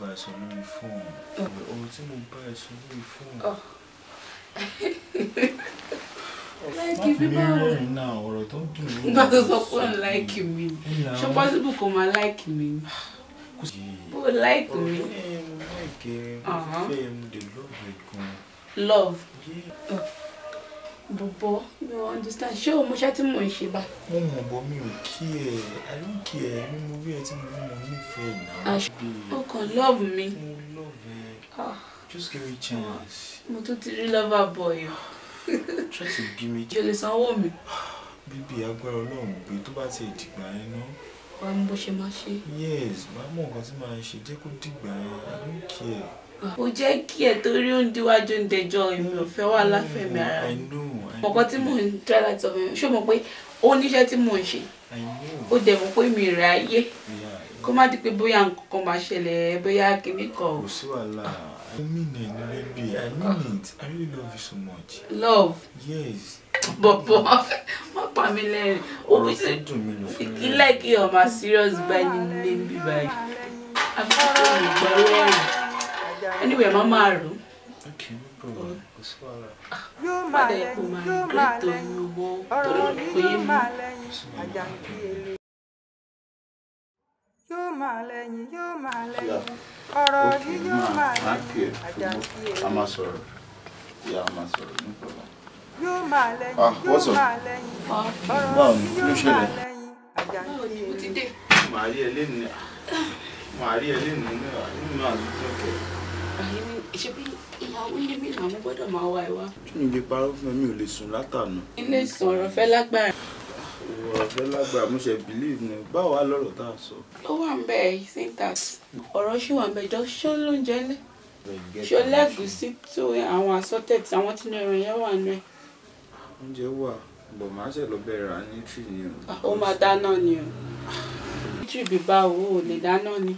bá ẹ sọ lórí fóònù ọ̀rọ̀ oh. tí mo bá ẹ sọ lórí fóònù. láìkì mi báwo má fi mí rẹ́rìn náà ọ̀rọ̀ tó ń dùn mí. nígbà tó sọ pé òun láìkì mi ṣé pọ́sibú kò máa láìkì mi. ó láìkì mi. ọ̀rẹ́ ẹ̀ mo láìkì uh-huh. ẹ̀ fẹ́ ẹ̀ mo lọ́ọ̀bù gan. love. Oh. bọ̀bọ̀ mi understand ṣé o mo ṣe tí mò ń ṣe bá. mo mọ̀ bọ́ mi ò kí ẹ̀ i don't care mi mo rí ẹ tí mo mọ̀ nífẹ̀ẹ́ náà. ọkàn love mi. mo love ẹ ah. just give me chance. mo tún ti rí lover boy o. try to bí mi. ṣe lè sanwó mi. bíbí agbára ọlọ́run gbé tó bá ti dìgbà ẹ náà wàá mú bó ṣe máa ṣe. yes màá mọ nǹkan tí màá ṣe jẹ́ kó dìgbà ẹ i don't care ó jẹ́ kí ẹ̀ torí oúnjẹ wájú ń dẹjọ́ èmi ò fẹ́ wà láfẹ̀mí ara mọ̀kàn tí mò ń try láti ọ̀fẹ́ mi ṣé mo pé ó níṣẹ́ tí mò ń ṣe ó dẹ̀ mọ̀ pé mi rà ayé kó má di pé bóyá nǹkan máa ṣẹlẹ̀ bóyá kìíní kan. kò sí wàhálà I mean it baby I mean it I really love you so much. love. yes. bọ̀bọ̀ má pa mi lẹ́rìn ó bí ṣe kí láìkí ọmọ serious báyìí ní bíbáyìí àfikún ìgbà lẹ́rìn anyway màá máa rò ó. yóò máa lẹ́yìn yóò máa lẹ́yìn ọ̀rọ̀ mi yóò máa lẹ́yìn àjàǹkí ele. yóò máa lẹ́yìn yóò máa lẹ́yìn ọ̀rọ̀ mi yóò máa lẹ́yìn àjàǹkí ele. a máa sọ̀rọ̀ ìyá a máa sọ̀rọ̀ nípa ọ̀la. yóò máa lẹ́yìn yóò máa lẹ́yìn ọ̀rọ̀ mi yóò máa lẹ́yìn àjàǹkí ele. màá rí ẹ lẹ́nu màá rí ẹ lẹ́nu nínú àdúgbò náà ló jẹ́ kẹ́ẹ̀ àyẹ̀mí ìṣẹ́bí ìyàwó ilé mi làwọn gbọ́dọ̀ máa wá ẹ wá. kí ni ibi parọ́ fún mi ò lè sùn látànà. ilé ìsùn ọ̀rọ̀ fẹ́ lágbára. ọ̀rọ̀ fẹ́ lágbára mo ṣe believe ni báwo wá lọ́rọ̀ tá a sọ. ó wà ń bẹ syntax ọ̀rọ̀ ṣì wà ń bẹ jọ ṣó ló ń jẹlé ṣó lẹ́gùsí tó àwọn assorted àwọn tí ẹran yẹn wà nù ẹ. oúnjẹ wà bọ̀ máa ṣe lọ bẹ̀rẹ̀ rà ní tree ni o. ó máa dáná ni o. tree bíbá owó ò lè dáná ni.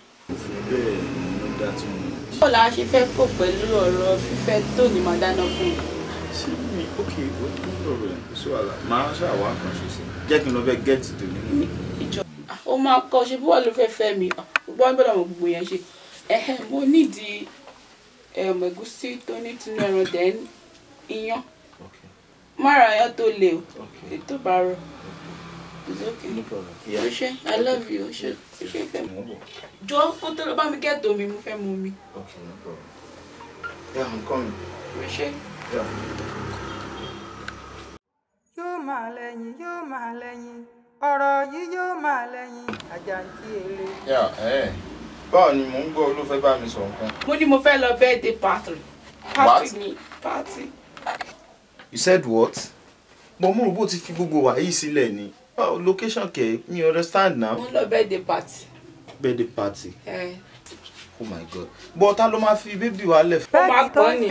bẹ́ẹ̀ ni mo dá tí mo bó la ṣe fẹ́ kó pẹ̀lú ọ̀rọ̀ fífẹ́ tó ní máa dáná fún mi. sí mi ókè ó ní ọ̀rọ̀ ẹ̀ kó sí wàhálà máa ṣàwọ̀ àkànṣe sí jẹ́ kí n lọ bẹ́ẹ̀ gẹ́ẹ̀tì tó nínú. ó máa kọ ṣe bí wọ́n ló fẹ́ fẹ́ mi gbọ́n gbọ́dọ̀ mọ̀ gbogbo yẹn ṣe mo nídìí um, ẹ̀gúsí tó ní tinú ẹran dẹ̀ iyán mọ́ra ayọ́ tó le o ètò bá rọ̀ it's I love you ife ìfẹ́ mi jọ ó tó lọ bá mi gẹ́tò mi mo fẹ́ mu Yeah, I'm coming. ránṣẹ́. yóò máa lẹ́yìn yóò máa lẹ́yìn ọ̀rọ̀ yìí yóò máa lẹ́yìn àjàǹtí èrè. Eh. báwo ni mò ń gbọ́ ló fẹ́ bá mi sọ nǹkan. mo ní mo fẹ́ lọ birthday party. party ni party. you said what? bọ́mú rògbò ti fi gbogbo wàyí sílẹ̀ ni oh location Okay, you understand now. mo lọ birthday party. birthday party. Eh. oh my god but ta ló máa fi bébì wa lẹ. ó money pọ́n ni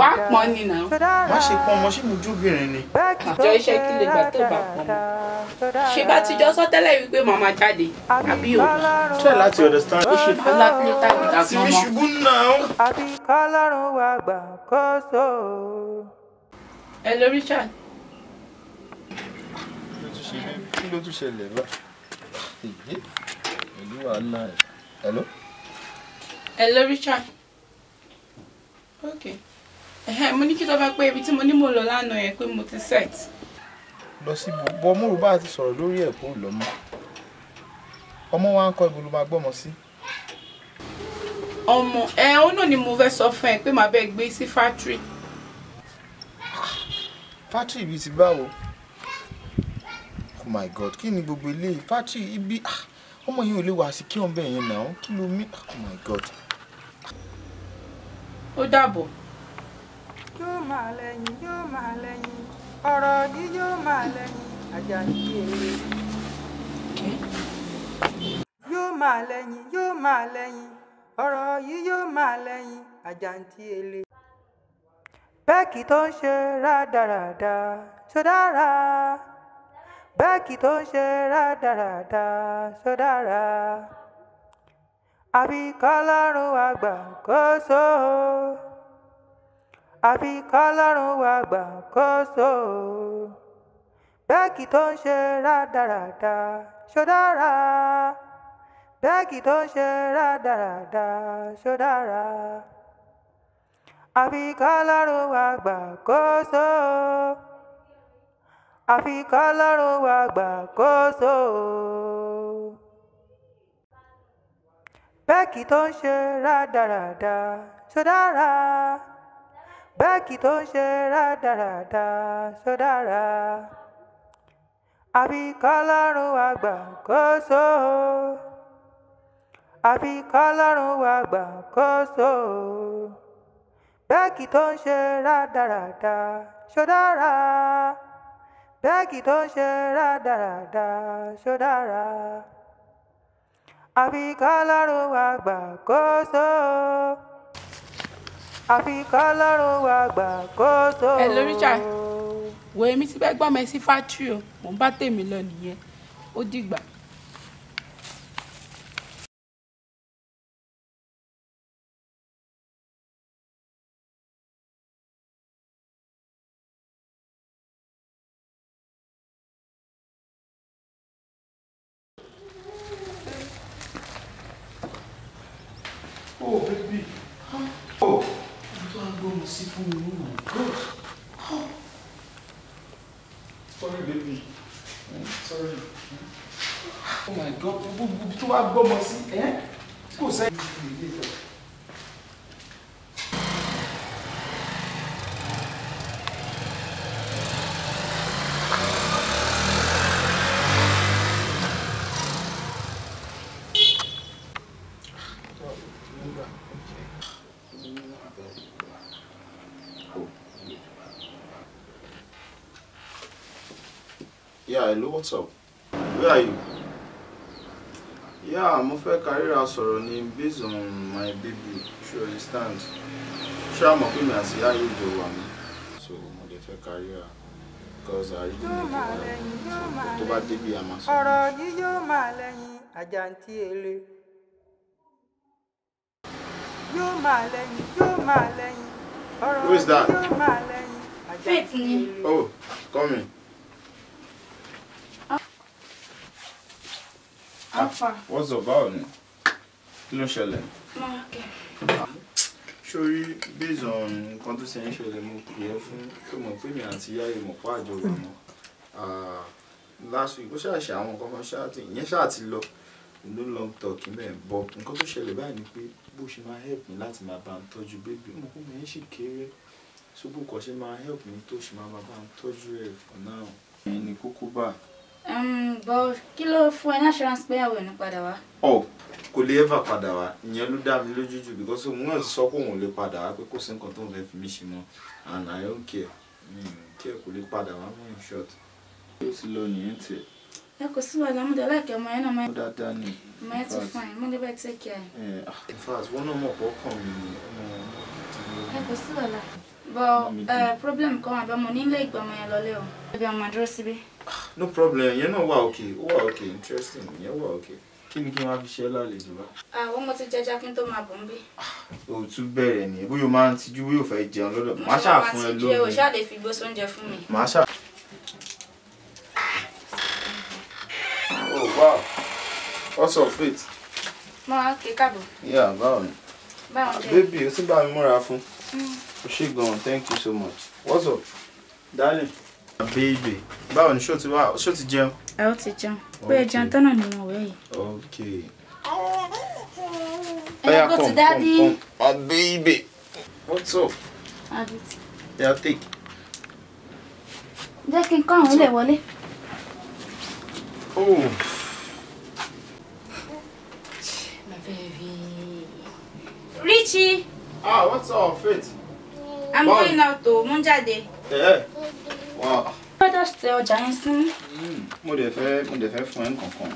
wàá pọ́n ni náà. má ṣe pọ́n ọmọ ṣé mo jóbìnrin ni. àjọ iṣẹ́ kí lè gbà tó bá pọ́n ṣe bá ti jọ sọ tẹ́lẹ̀ wípé màmá jáde àbí o. try understand. o ṣe fún láti tàbí tàbí ọmọ. sì mí ṣubú náà. àbí kọ́lọ́run wà gbà kó so. ẹ lórí ṣe hello. hello Richard ok mo ní kí tó bá pé ibi tí mo ní mò ń lọ lánàá yẹn pé mo ti set. lọ sí bọ múrù bá ti sọ̀rọ̀ lórí ẹ̀ kó lọ mọ́ ọmọ wa ń kọ́ ibùdó máa gbọ́mọ sí. ọmọ ẹ ọ náà ni mo fẹ́ sọ fún ẹ pé màá bẹ́ẹ̀ gbé sí fátírì. fátírì bíi ti báwo oh my god kí ni gbogbo eléyìí fati ibi ah, ọmọ yìí ò lè wá sí kí ọ̀nbẹ yẹn náà kí ló mí ah, oh my god. ó dàbọ̀. yóò máa lẹ́yìn yóò máa lẹ́yìn ọ̀rọ̀ ni yóò máa lẹ́yìn Àjàyí èrè. yóò máa lẹ́yìn yóò máa lẹ́yìn ọ̀rọ̀ yìí yóò máa lẹ́yìn àjàǹtí ele. bẹ́ẹ̀kì tó ń ṣe rádaràda ṣó dára báàkì tó ń ṣe rádaràda sódára àfi kọ́lọ́run wa gbà kóso àfi kọ́lọ́run wa gbà kóso báàkì tó ń ṣe rádaràda sódára báàkì tó ń ṣe rádaràda sódára àfi kọ́lọ́run wa gbà kóso àfi kọ́lọ́run wá gbàkóso. bẹ́ẹ̀kì tó ń ṣe rádaràda ṣódára bẹ́ẹ̀kì tó ń ṣe rádaràda ṣódára àfi kọ́lọ́run wá gbàkóso. àfi kọ́lọ́run wá gbàkóso. bẹ́ẹ̀kì tó ń ṣe rádaràda ṣódára bẹ́ẹ̀kì tó ń ṣe rádaràda ṣó dára àfi kọ́lọ́run wa gbà kóso àfi kọ́lọ́run wa gbà kóso. ẹ lórí ṣá wo èmi ti fẹ́ gbọ́mọ sí fátírì mò ń bá tèmi lọ nìyẹn ó dìgbà. sorry baby eh, sorry oh my god gbogbo tó bá gbọ́mọ sí eh, kò sẹ́yìn. hello, what's up? Where are you? Yeah, I'm mo a career sọ̀rọ̀ ni based on my baby, ṣé o understand? Ṣé àmọ̀ pé mi àti ìyá yóò jọ wà mí? So mo lè fẹ́ career, because I really need to. Tó bá débi àmà sọ. Ọ̀rọ̀ yìí yóò máa lẹ́yìn àjàǹtí èlé. Yóò máa lẹ́yìn, yóò máa lẹ́yìn. Ọ̀rọ̀ yìí yóò Faith Oh, come in. Alpha. What's up, báwo ni? Kí ló ṣẹlẹ̀? Sori based on nǹkan tó ṣe ń ṣẹlẹ̀ mo pè é fún ṣé mo pè mí àti ìyá rẹ̀ mọ̀ pa àjọyọ̀ mọ́. Ah, last week ó ṣàṣẹ àwọn nǹkan kan ṣáàtì ìyẹn ṣáàtì lọ no long talk bẹ́ẹ̀ bọ̀ nǹkan tó ṣẹlẹ̀ báyìí ni pé bó ṣe máa help me. láti my band touch you, baby. mo kún mi ń ṣì kéré ṣùgbọ́n kò ṣe help me. tó my band touch you. tọ́jú ẹ̀ for now. Ẹni kókó báà. Um, but kí ló fún ẹ ní assurance pé ìyàwó ẹ̀ padà wá? Oh, kò lè ever padà wá. Ìyẹn ló dá mi lójú jù because òun náà sọ pé òun lè padà wá pé kò sí nǹkan tó ń fẹ́ fi mí ṣe mọ́ and I don't care. Kí ẹ kò lè padà wá mọ́ in short. Ó ti lọ nìyẹn tiẹ̀. Ẹ kò sí wàhálà, mo dẹ̀ láìkẹ́ ọmọ yẹn náà máa. Ó dáadáa ni. Ọmọ yẹn ti fún ẹ, mo eh, ah, In fact, wọ́n náà mọ̀ pọ̀ kàn mí Ẹ kò sí wàhálà. But eh, problem kan àbẹ́ mo nílé ìgbọ̀mọ̀ yẹn lọlé o. Ẹbí ọmọ dúró síbí. Ah, no problem ìyẹn náà wà òkè ó wà òkè interesting ìyẹn wà òkè kí ni kí n wá fi ṣe lálejò bá. àwọn ọmọ ti jẹjẹ kí n tó máa bọ̀ ń bí. Ah, o tún bẹ̀rẹ̀ ni bóyá o máa ń tijú bóyá o fẹ́ jẹun lọ́dọ̀ máa ṣáà fún ẹ lómi. o ṣáà lè fi gbóso oúnjẹ fún mi. máa ṣáà. oh wow what's up faith. mo á ké káàbọ̀. yà báwo ni. báwo jẹ. bébì o ti bá mi múra fún. Mm. o ṣé gan-an thank you so much what's up darling. Baby, báwo ni ṣó ti wá ṣó ti jẹun? Ẹ ó ti jẹun. Bóyá jẹun tán náà ni mo wẹ̀ yìí. Ok. Oya come come come. Oh ah, baby, what's up? Yeah, take. Jẹ́ kí n kọ́ àwọn ilé wọlé. Oh. My baby. Richie. Ah, what's up, Faith? I'm going out to Mo wọ́n dá ṣe ọjà yín sí. mo dẹ̀ fẹ́ mo dẹ̀ fẹ́ fún ẹ nǹkankan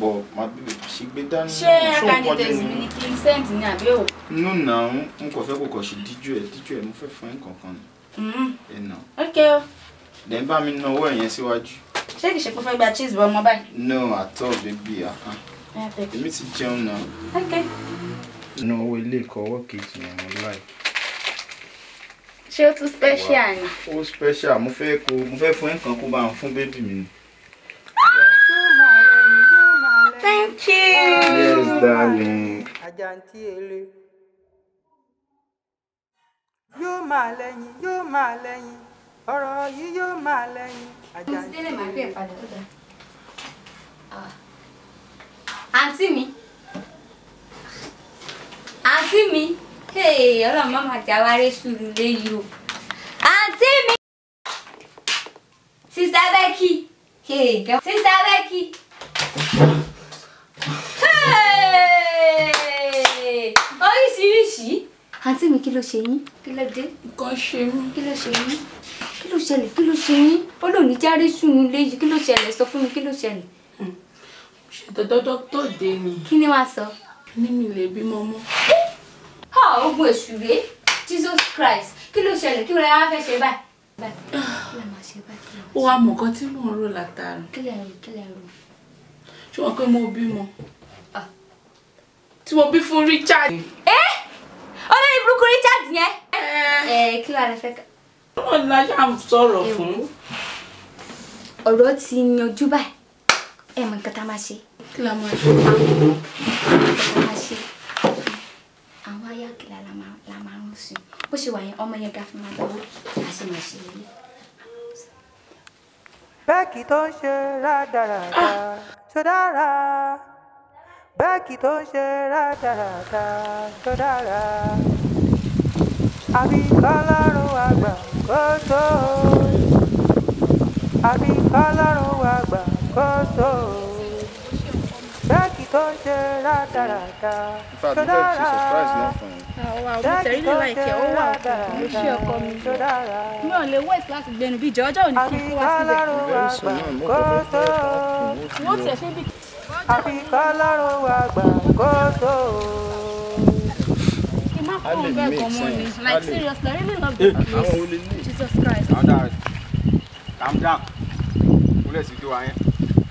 bọ̀ máa bèbè ṣe gbé dání. ṣé candidate mi ni kí n send ní àbí o. nù náà n kò fẹ́ kó kọ̀ ṣe díjú ẹ̀ díjú ẹ̀ mo fẹ́ fún ẹ nǹkankan ni. ẹ nà. ok o. dẹ̀ ń bá mi náwó ẹ̀yẹn síwájú. ṣé kìí ṣe kó fẹ́ gba cheese bọ ọmọ báyìí. no àtọ̀ bèbí àhán. èmi ti jẹun náà. ok. náwó ilé ìkọ́wọ́ kejì ni mo láì ṣé ó tún special ni. ó special mo fẹ́ kó mo fẹ́ fún nǹkan kó bá ń fún bébì mi. thank you. yes darling. àjàǹtí ele yóò máa lẹ́yìn yóò máa lẹ́yìn ọ̀rọ̀ yìí yóò máa lẹ́yìn àjàǹtí ele. Ah. àǹtí mi àǹtí mi. Hey, má máa jáwá rẹ̀ sùúrù léyìí o àǹtí mi. sísá bẹ́kì sísá bẹ́kì. oríṣiríṣi. àǹtí mi kí ló ṣe yín. kí ló dé. nǹkan ṣe mí. kí ló ṣe yín. kí ló ṣẹlẹ̀ kí ló ṣe yín. ó lò ní járe sùúrù léyìí kí ló ṣẹlẹ̀ sọ fún mi kí ló ṣẹlẹ̀. ṣètò dọ́dọ́ tó dé ni. kí ni wàá sọ. ní mi lè bímọ ha ogun èṣù rèé jesus christ kí ló ṣẹlẹ̀ kí ló yára fẹ́ ṣe báyìí. ó wàá mọ̀ nǹkan tí mò ń rò látara. kí lè rò kí lè rò. ṣé wọn pé mo bímọ ah. tí mo bí fún richard. ẹ olórí burúkú richard yẹn. Eh? kí ló rẹ fẹ́ ká. ọlọ́run la ṣáà ń sọ̀rọ̀ fún. ọ̀rọ̀ ti yanjú báyìí ẹ mọ nǹkan tá a máa ṣe. kí la máa ṣe. kí àwọn ayákìlá la máa ń sìn bó ṣe wà yẹn ọmọ yẹn ga fún wa lọ́wọ́ a sì máa ṣe eré. bẹ́ẹ̀kì tó ń ṣe rádaràda ṣó dára bẹ́ẹ̀kì tó ń ṣe rádaràda ṣó dára àbí kọ́lọ́run àgbà kó tó àbí kọ́lọ́run àgbà kó tó tó ah, ń ṣe rádaràda. ìfàdúrà ṣe surprise náà fún yín. àwa ọmọ west láti gbẹnu bí ìjọ ọjọ́ òní kúkú wá síbẹ̀. wọ́n like seriously I really love this eh, place Jesus Christ. calm down kúlẹ̀ sí tó wa yẹn.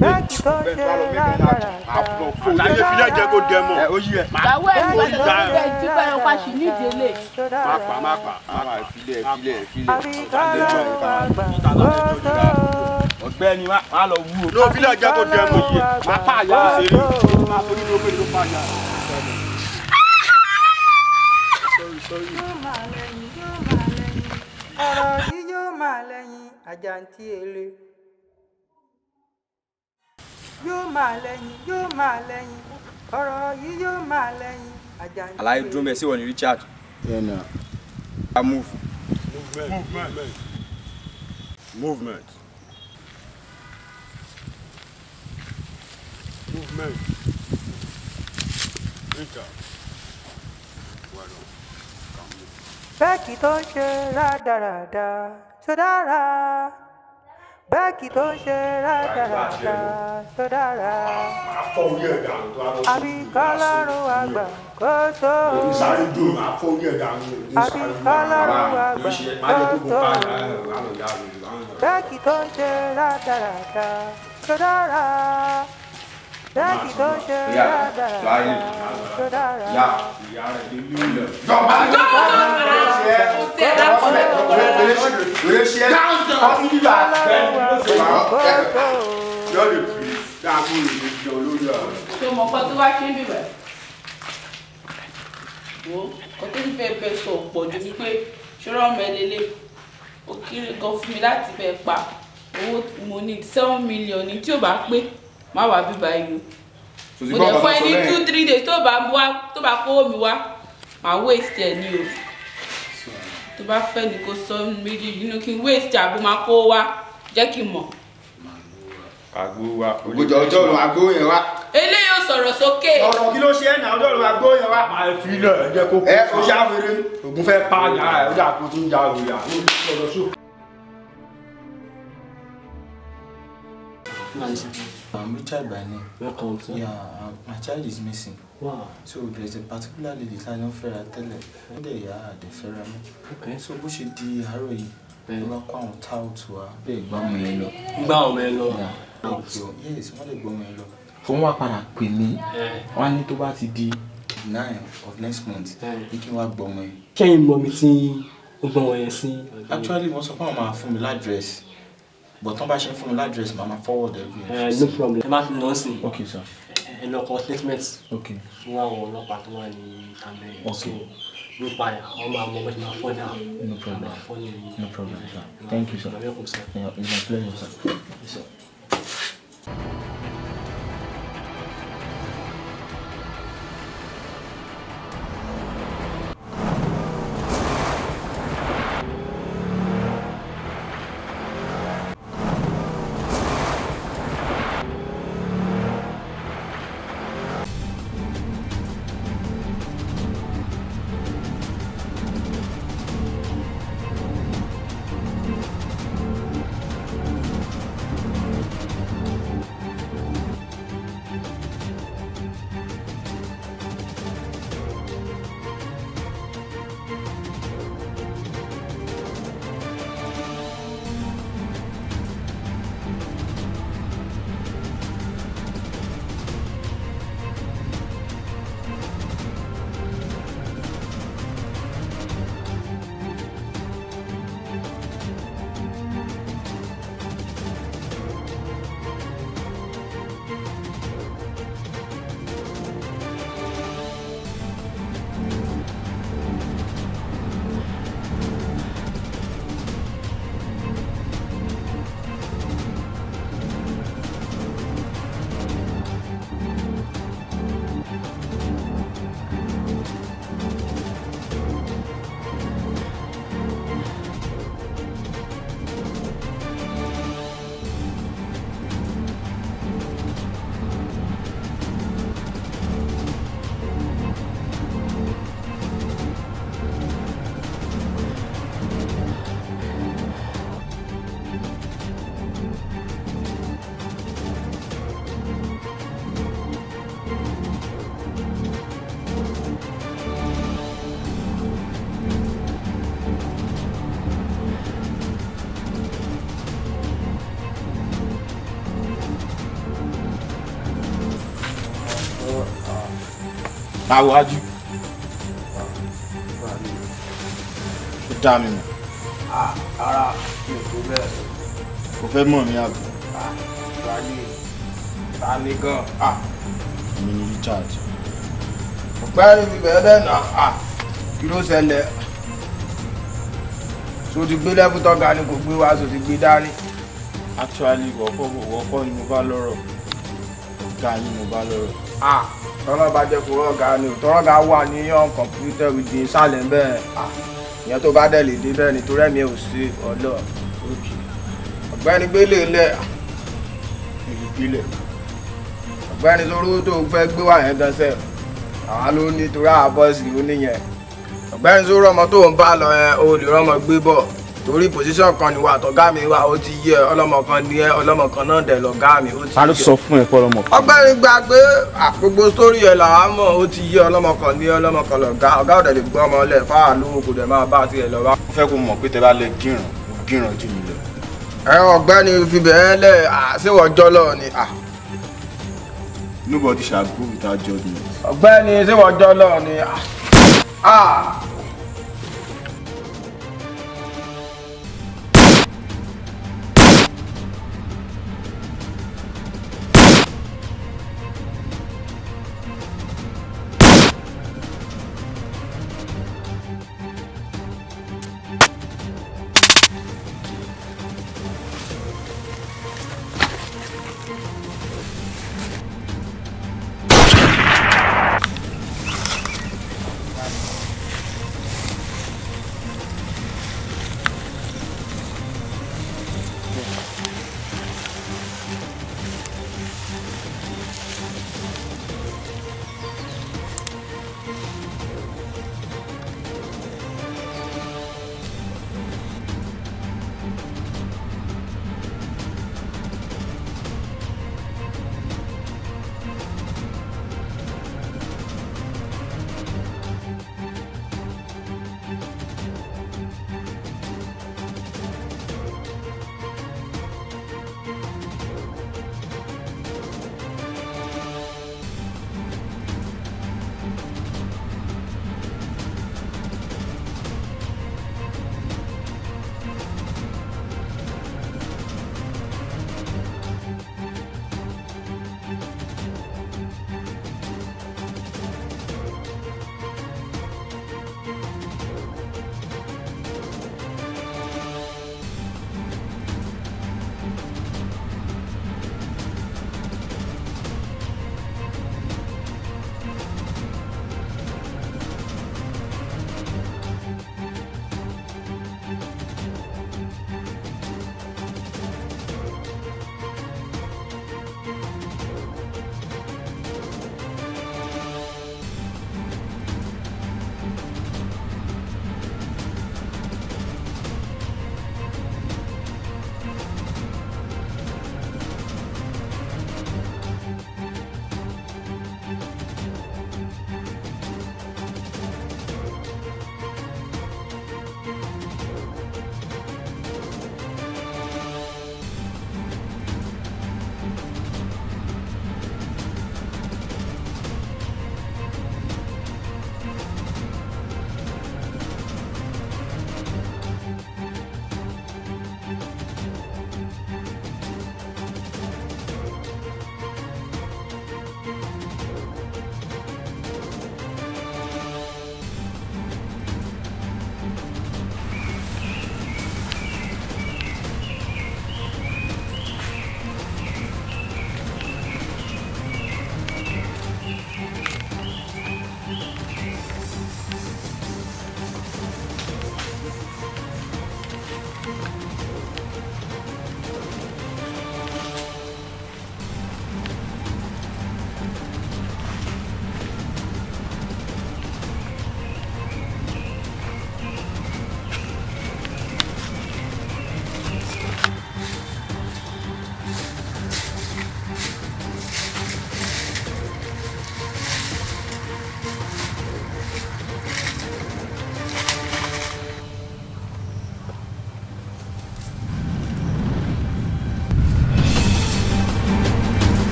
àtàyè fi yẹn jẹ kó dẹ mọ. ìyàwó ẹ̀ ló ń lọ bẹ tí bẹ́ẹ̀ wá sí ní ìdílé. má pa má pa má pa filẹ̀ filẹ̀ filẹ̀ ọ̀gbẹ́ni má lọ wú o. ló filẹ̀ jẹ kó dẹ mọ yìí má pa àyà òṣèré má torí ló pé ló pa àyà. ọ̀rọ̀ yìí yóò máa lẹ́yìn àjàǹtí èlé yóò máa lẹ́yìn yóò máa lẹ́yìn ọ̀rọ̀ yìí yóò máa lẹ́yìn Àjàyí. aláyé dúró mẹ́sì wọ̀ ní Richard. yẹ́nà. a move. movement movement movement movement Richard. bẹ́ẹ̀kì tó ń ṣe rádaràda tó dára báàgì tó ń ṣe rádaràdà tó dára. máa fọ orí ẹ̀dá tó lárọ́. àbí kọ́lọ́run àgbà kó tó. èmi sáré jó máa fọ orí ẹ̀dá mi. àbí kọ́lọ́run àgbà kó tó. báàgì tó ń ṣe rádaràdà tó dára. báàgì tó ń ṣe rádaràdà tó dára. yọ̀ọ́ máa ń lọ́kọ̀ọ́ ṣọ́rọ́ ọmọ ẹlẹ́lẹ́ ó kéré gan fún mi láti fẹ́ pa owó mo ní seven million ní tí ò bá pé má wàá bíbá yìí mo dẹ̀ fún ẹ ní two three days tó bá kówó mi wá màá waste ẹ̀ ní o tó bá fẹ́ ni kò sọ méjì nínú kí n wéèsì àbí máa kó wá jẹ́ kí n mọ̀. àgbo wa. ògbójọ ọjọ́ òun àgbo yẹn wá. eléyìí ò sọ̀rọ̀ sókè. ọ̀rọ̀ kí ló ṣe ẹ̀ náà ọjọ́ òun àgbo yẹn wá. máa fi ilẹ̀ ẹ jẹ́ kó kú. ẹ o ṣá ògùn fẹ́ pa àyà ẹ̀ ó kó tún ya òyà ó ní sọ̀rọ̀ sọ. My child by name. Welcome, sir. Yeah, my child is missing. Wow. So there's a particularly design tá a yàn fẹ́ra tẹ́lẹ̀ ẹ̀ndẹ̀ ìyá àdẹ̀fẹ́ra Okay. So we should be hurry. yìí ló bá kó àwọn táwùtù wa. Bẹ́ẹ̀ gbá Yes, what lè gbọ́ ọmọ what lọ. Fún wa padà pè mí, eh. wọ́n á nine of next month eh. ní can work wá gbọ́ ọmọ yẹn. Kẹ́yìn mọ Actually, wọ́n sọ pé àwọn máa fún mi but don't buy ṣe fún mi ládírẹ́sì màá forward everything. No problem. Okay sir ẹ lọ kọ statement fún àwọn ọlọ́pàá tó wà ní abẹ́ nípa ẹ̀ àwọn máa mọ bó ṣe máa fọ́nà àwọn máa fọ́nà yìí. no problem sir thank you sir yeah, it's my pleasure sir. Yes, sir. máa wájú ó dá mi mọ̀. Ah, ara mi kò bẹ́ẹ̀. kò fẹ́ mọ̀ mi àbí. Ah, tani tani gan. Ah, èmi ni Richard. ọ̀pẹ́ mi bẹ̀rẹ̀ náà kí ló ṣẹlẹ̀ so ti gbé lẹ́bùtọ́ ga ni kò gbé wá so ti gbé dání. actually wọ́pọ̀ wọ́pọ̀ ni mo bá lọ́rọ̀ ọ̀gá yín mo bá lọ́rọ̀. Ah, tọ́lọ́ bá jẹ́ kó rọ́ọ̀gá ni ò tọ́rọ́gá wà ní yàn kọ̀mpútà òdì ìsàlẹ̀ bẹ́ẹ̀ ìyẹn tó bá dẹ̀ lè dé bẹ́ẹ̀ nítorí ẹ̀mí ò sí ọlọ́ òkè ọ̀gbẹ́ni gbélé lẹ̀ ìbílẹ̀ ah, ọ̀gbẹ́ni sọ́rọ́ tó gbẹ́ gbé wà yẹn gan sẹ́ẹ̀ àwa ló ní torí àbọ̀sì ló níyẹn ọ̀gbẹ́ni sọ́rọ́ ọmọ tó ń bá lọ yẹn olè rọ́mọ gbé bọ̀ torí position kan ni wà tọ́gá mi wà ó ti yẹ ọlọ́mọ kan ní ẹ ọlọ́mọ kan náà dẹ̀ lọ́gá mi ó ti yẹ. a ló sọ fún ẹ pé ọlọ́mọ. ọgbẹ́ni gba pé gbogbo sórí ẹ làwa mọ̀ ó ti yẹ ọlọ́mọ kan ní ọlọ́mọ kan lọ́gá ọ̀gá ọ̀dẹ̀ lè gbọ́ ọmọ ọlẹ̀ fáà lówó kò dẹ̀ máa bá tiẹ̀ lọ wá. mo fẹ́ kó mọ̀ pé tẹ bá lè gíràn gíràn jù mí lọ. ẹ ọgbẹ́ni fibẹ̀ ẹ lẹ̀ àṣewọ̀ jọlọ ni. nobody shall go without judgment. ọgbẹ́ni ṣèwọ̀ jọlọ ni. ah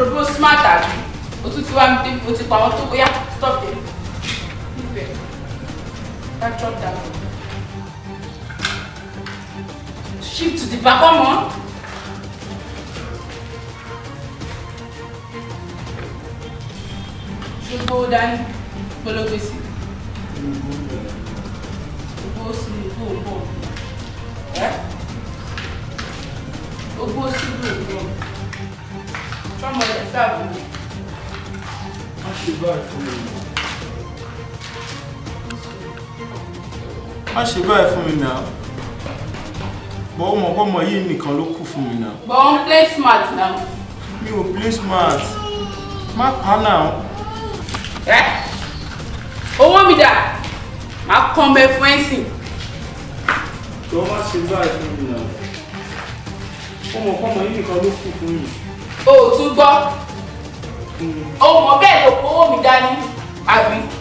rò bó smart àbí o tún ti wá mi dé o ti pa àwọn tó bóyá stop dem níbẹ̀ bá drop down shift to the back ọmọ. gbogbo dání polówó sí gbogbo sí gbogbo gbogbo sí gbogbo. Sọ́mọ rẹ̀ sáàbù. Má ṣe báyìí fún mi. Má ṣe báyìí fún mi náà. Bọ̀ ọmọ ọmọ yìí nìkan ló kù fún mi náà. Bọ̀ ọ́n play smart náà. Mi ò play smart. Má pa náà. Ẹ́ owó mi dà, màá kọ́ mẹ́ fún ẹ̀sìn. Jọ má ṣe báyìí fún mi náà. Ọmọ ọmọ yìí nìkan ló kù fún mi o ò tún gbọ́ o mọ̀ bẹ́ẹ̀ ló kówó mi dání àbí.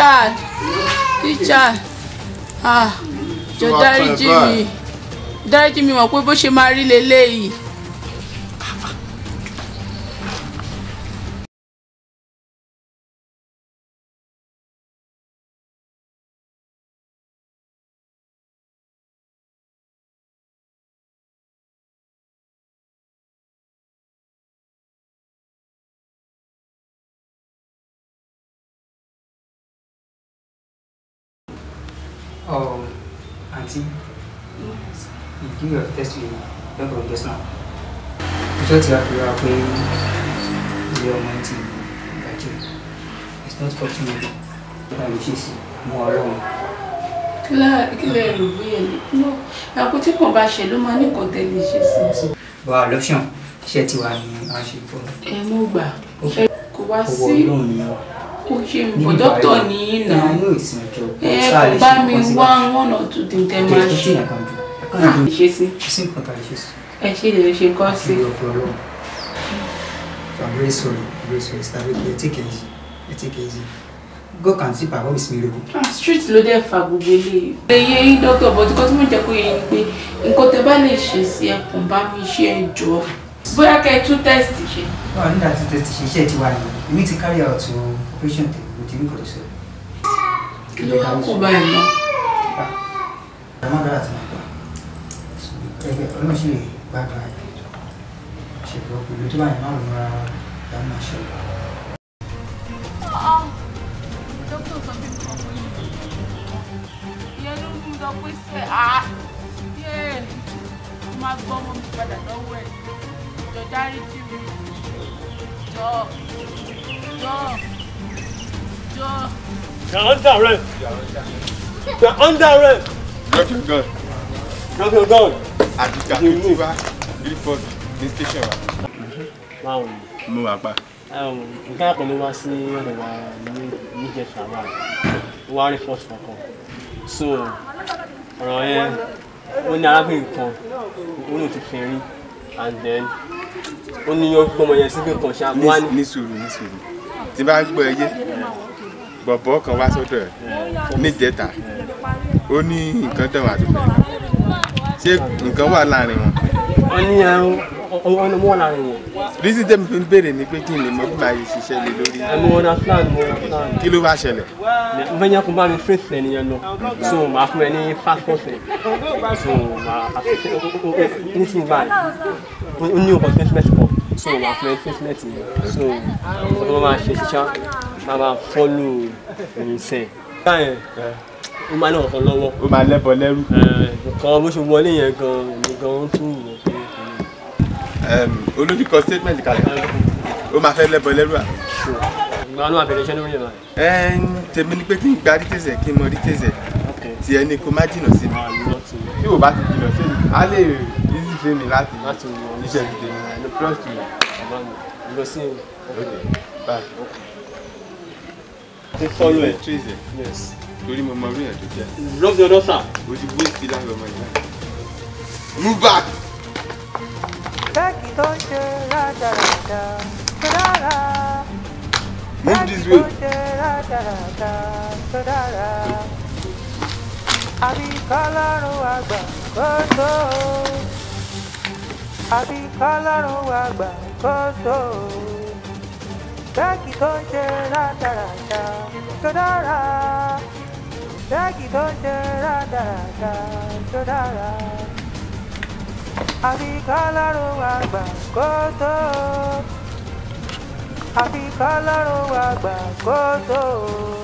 teacher teacher ah jọ dáríjì mi dáríjì mi mọ̀ pé bó ṣe máa rí leléyìí. Auntie, you give your testimony back on just now. Ìjọ ti àpèrà pé the ọmọ ti dájú. It's not fortunate. Bá mi ṣe sí mú ọlọ́run. Kílẹ̀ No. I put Àpò on kò bá ṣe ló máa ní kò tẹ́lẹ̀ ṣe sí. Bọ̀ lọ́pṣọ̀n, iṣẹ́ tiwa ni a ṣe fún. Ẹ mú kò ṣe mi kò dọ́kítọ̀ nìyí nà ẹ kò bá mi wá one or two things tẹ́ máa ṣe ah, ṣe sí ẹ ṣe lè ṣe kọ́ sí. I'm very sorry, very sorry, Starry. You take it easy. You take it easy. God can see by what is miracle. Ah, street ló dé fa gbogbo eléyìí. Ẹyẹ yín dọ́kítọ̀ bọ̀ tí kò tí mo jẹ́ kó yẹ ni pé nǹkan tẹ bá lè ṣe sí ẹkùn bá mi ṣe é jọ. Bóyá kẹ́ ẹ tún tẹ́sítì ṣe. Báwo carry out o patient kò ti rí kò lè sọ. kí ló kà kó báyìí mọ́. ẹ má dára tí mo gbà ẹgbẹ́ ọlọ́run sì lè gbàdúrà yìí ṣègbọ́ pẹ̀lú tó bá yẹn máa wọra ìyá máa ṣe. dókítà sọ pé kò mọ ìyẹn ló ń lọ pé sẹ́ àá yéè mo máa gbọ́ ọmọ mi padà lọ́wọ́ ẹ̀ jọ dárí jí mi jọ jọ. They're under arrest. They're under arrest. Drop your gun. Drop your gun. Àdìgbà tó ti wá Guilford ní station wa. Báwo ni? Mo wà pa. Nǹkan àpò ló wá sí ọ̀dọ̀ wa ní Nìjẹ̀sà wa. Ó wá rí fọ́ọ̀sì kankan. So ọ̀rọ̀ yẹn ó ní arábìnrin kan ó lò ti fẹ́ rí and then ó ní ọgbọ́n ọmọ yẹn síbí kan ṣáà. Ní sùúrù ní sùúrù. Tí bá gbọ́ ẹ yé bọ̀bọ̀ kan wá sọ́dọ̀ ẹ̀ níjẹta ó ní nǹkan dẹ̀wà tó bẹ̀rẹ̀ ṣé nǹkan wà láàrin wọn. wọ́n ní ọmọ ọmọ wà láàrin wọn. rísí tẹ́mi fi ń béèrè ni pé kí n lè mọ bí màá yẹ ṣiṣẹ́ lé lórí. ẹnu wọn na plan mo na plan. kí ló bá ṣẹlẹ̀. mo fẹ́ yẹn kó bá mi fèsì ẹnìyẹn lọ so màá fún ẹ ní passport ẹ so màá ní báyìí ó ní ọkọ̀ fẹ́sìmẹ́tì pọ̀ so màá fún ẹ fẹ́sìmẹ́tì yẹn so ọmọ máa ṣe ṣiṣẹ́ máa máa fọ́lù ìrìnsẹ̀ báyẹn ó máa náà kan lọ́wọ́. ó máa lẹ́bọ̀ lẹ́rù. nǹkan bó ṣe wọlé yẹn gan-an mi gan-an tún yẹn pé. olójú kan statement kalẹ̀ ó máa fẹ́ lẹ́bọ̀ lẹ́rù à. ìgbà wọn máa bẹ̀rẹ̀ iṣẹ́ lórí ẹ̀ báyìí. ẹ ń tèmi ni pé kí n gba dítèzẹ̀ kí n mọ dítèzẹ̀ tí ẹni kó má jìnnà sí mi ah, tí o bá ti jìnnà sí mi á lè easy fún mi láti iṣẹ́ mi tèmi ah, plus ok bye. They follow it. Trace it. Yes. Torí mo máa rí ẹ̀dùn jẹ́. Rub the other side. O ti gbé ìdílé àgbà máa yá. Move back. Move this way. Abi tó ń ṣe Abi sódàrà. Àbí kọ́lọ́run Taki toshe ra da da, da, da. Taki toshe da da da, da, da. Àfi kálárò wa kóso. Àfi kálárò kóso.